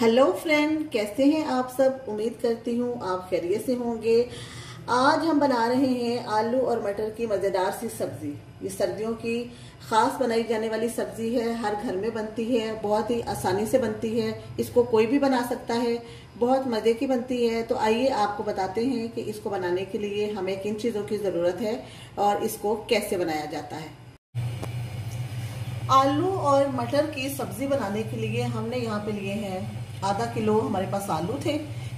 hello friend कैसे हैं आप सब उम्मीद करती हूँ आप खैरियत से होंगे आज हम बना रहे हैं आलू और मटर की मज़ेदार सी सब्ज़ी ये सर्दियों की ख़ास बनाई जाने वाली सब्ज़ी है हर घर में बनती है बहुत ही आसानी से बनती है इसको कोई भी बना सकता है बहुत मज़े की बनती है तो आइए आपको बताते हैं कि इसको बनाने के लिए हमें किन चीज़ों की ज़रूरत है और इसको कैसे बनाया जाता है आलू और मटर की सब्ज़ी बनाने के लिए हमने यहाँ पे लिए हैं आधा किलो हमारे पास आलू थे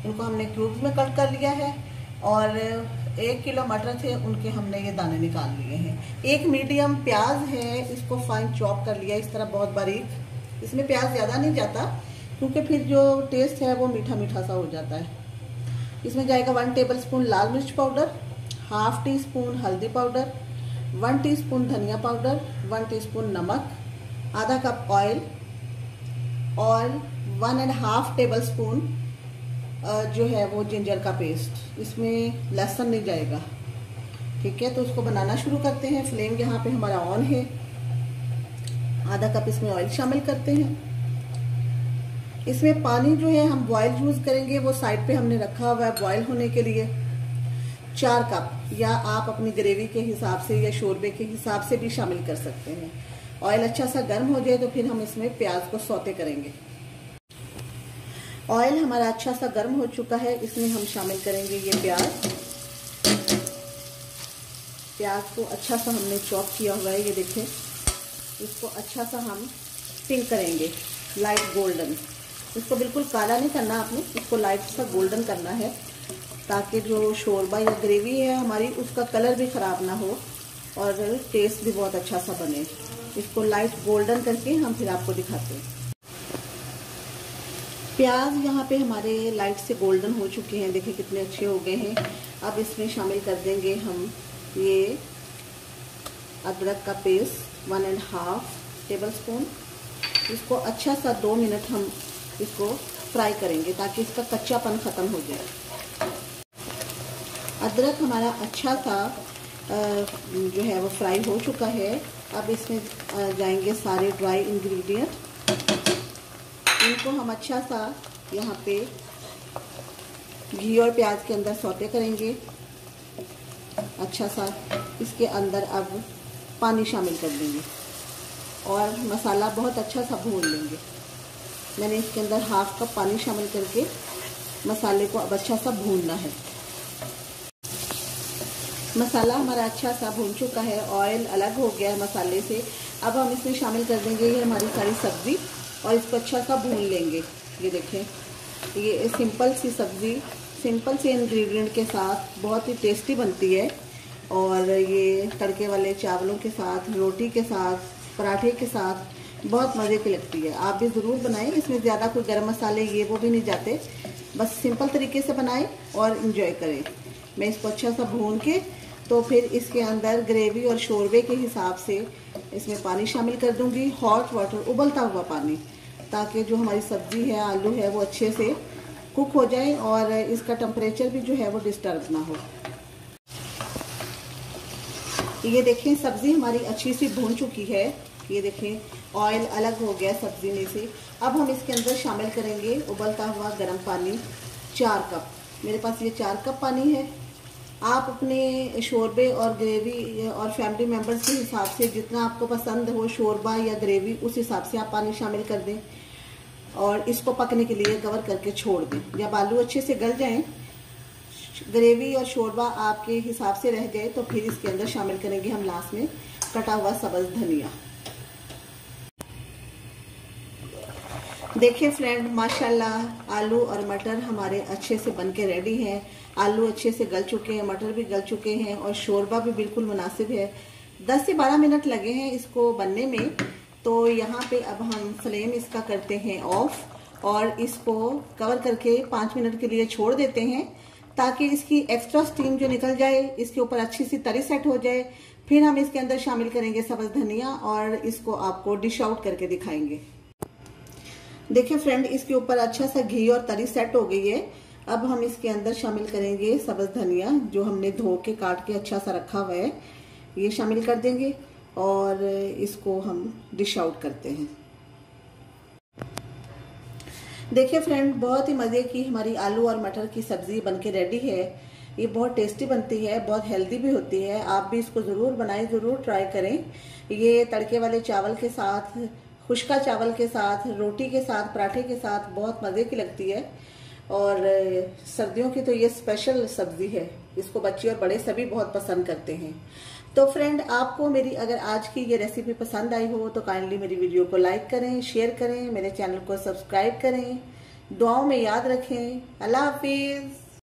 इनको हमने क्यूब्स में कट कर लिया है और एक किलो मटर थे उनके हमने ये दाने निकाल लिए हैं एक मीडियम प्याज है इसको फाइन चॉप कर लिया इस तरह बहुत बारीक इसमें प्याज ज़्यादा नहीं जाता क्योंकि फिर जो टेस्ट है वो मीठा मीठा सा हो जाता है इसमें जाएगा वन टेबल स्पून लाल मिर्च पाउडर हाफ टी स्पून हल्दी पाउडर वन टी स्पून धनिया पाउडर वन टी स्पून नमक आधा कप ऑयल और one and half tablespoon जो है वो जिंजर का पेस्ट इसमें लहसुन नहीं जाएगा ठीक है तो उसको बनाना शुरू करते हैं फ्लेम यहाँ पे हमारा ऑन है आधा कप इसमें ऑयल शामिल करते हैं इसमें पानी जो है हम बॉयल यूज़ करेंगे वो साइड पे हमने रखा हुआ है बॉयल होने के लिए चार कप या आप अपनी ग्रेवी के हिसाब से या शोरबे के हिसाब से भी शामिल कर सकते हैं ऑयल अच्छा सा गर्म हो जाए तो फिर हम इसमें प्याज को सौते करेंगे ऑयल हमारा अच्छा सा गर्म हो चुका है इसमें हम शामिल करेंगे ये प्याज प्याज को अच्छा सा हमने चॉप किया हुआ है ये देखें इसको अच्छा सा हम पिंक करेंगे लाइट गोल्डन इसको बिल्कुल काला नहीं करना आपने इसको लाइट सा गोल्डन करना है ताकि जो शोरबा या ग्रेवी है हमारी उसका कलर भी ख़राब ना हो और टेस्ट भी बहुत अच्छा सा बने इसको लाइट गोल्डन करके हम फिर आपको दिखाते हैं प्याज यहाँ पे हमारे लाइट से गोल्डन हो चुके हैं देखिए कितने अच्छे हो गए हैं अब इसमें शामिल कर देंगे हम ये अदरक का paste one and half tablespoon इसको अच्छा सा दो मिनट हम इसको फ्राई करेंगे ताकि इसका कच्चापन ख़त्म हो जाए अदरक हमारा अच्छा सा जो है वो फ्राई हो चुका है अब इसमें जाएंगे सारे ड्राई इंग्रेडिएंट पनीर को हम अच्छा सा यहाँ पे घी और प्याज के अंदर सौते करेंगे अच्छा सा इसके अंदर अब पानी शामिल कर देंगे और मसाला बहुत अच्छा सा भून लेंगे मैंने इसके अंदर हाफ कप पानी शामिल करके मसाले को अब अच्छा सा भूनना है मसाला हमारा अच्छा सा भून चुका है ऑयल अलग हो गया है मसाले से अब हम इसमें शामिल कर देंगे ये हमारी सारी सब्ज़ी और इसको अच्छा सा भून लेंगे ये देखें ये सिंपल सी सब्ज़ी सिंपल सी इन्ग्रीडियंट के साथ बहुत ही टेस्टी बनती है और ये तड़के वाले चावलों के साथ रोटी के साथ पराठे के साथ बहुत मज़े की लगती है आप भी ज़रूर बनाएं इसमें ज़्यादा कोई गर्म मसाले ये वो भी नहीं जाते बस सिंपल तरीके से बनाएं और इन्जॉय करें मैं इसको अच्छा सा भून के तो फिर इसके अंदर ग्रेवी और शोरबे के हिसाब से इसमें पानी शामिल कर दूंगी हॉट वाटर उबलता हुआ पानी ताकि जो हमारी सब्ज़ी है आलू है वो अच्छे से कुक हो जाए और इसका टम्परेचर भी जो है वो डिस्टर्ब ना हो ये देखें सब्ज़ी हमारी अच्छी सी भून चुकी है ये देखें ऑयल अलग हो गया सब्ज़ी में से अब हम इसके अंदर शामिल करेंगे उबलता हुआ गर्म पानी चार कप मेरे पास ये चार कप पानी है आप अपने शोरबे और ग्रेवी और फैमिली मेम्बर्स के हिसाब से जितना आपको पसंद हो शोरबा या ग्रेवी उस हिसाब से आप पानी शामिल कर दें और इसको पकने के लिए कवर करके छोड़ दें जब आलू अच्छे से गल जाएं ग्रेवी और शोरबा आपके हिसाब से रह जाए तो फिर इसके अंदर शामिल करेंगे हम लास्ट में कटा हुआ सब्ज़ धनिया देखिए फ्रेंड माशाल्लाह आलू और मटर हमारे अच्छे से बन के रेडी हैं आलू अच्छे से गल चुके हैं मटर भी गल चुके हैं और शोरबा भी बिल्कुल मुनासिब है 10 से 12 मिनट लगे हैं इसको बनने में तो यहाँ पे अब हम फ्लेम इसका करते हैं ऑफ और इसको कवर करके पाँच मिनट के लिए छोड़ देते हैं ताकि इसकी एक्स्ट्रा स्टीम जो निकल जाए इसके ऊपर अच्छी सी तरी सेट हो जाए फिर हम इसके अंदर शामिल करेंगे सब्ज धनिया और इसको आपको डिश आउट करके दिखाएंगे देखिए फ्रेंड इसके ऊपर अच्छा सा घी और तरी सेट हो गई है अब हम इसके अंदर शामिल करेंगे सब्ज धनिया जो हमने धो के काट के अच्छा सा रखा हुआ है ये शामिल कर देंगे और इसको हम डिश आउट करते हैं देखिए फ्रेंड बहुत ही मज़े की हमारी आलू और मटर की सब्ज़ी बनके रेडी है ये बहुत टेस्टी बनती है बहुत हेल्दी भी होती है आप भी इसको ज़रूर बनाएं ज़रूर ट्राई करें ये तड़के वाले चावल के साथ खुशका चावल के साथ रोटी के साथ पराठे के साथ बहुत मज़े की लगती है और सर्दियों की तो ये स्पेशल सब्ज़ी है इसको बच्चे और बड़े सभी बहुत पसंद करते हैं तो फ्रेंड आपको मेरी अगर आज की ये रेसिपी पसंद आई हो तो काइंडली मेरी वीडियो को लाइक करें शेयर करें मेरे चैनल को सब्सक्राइब करें दुआओं में याद रखें अल्लाह हाफिज़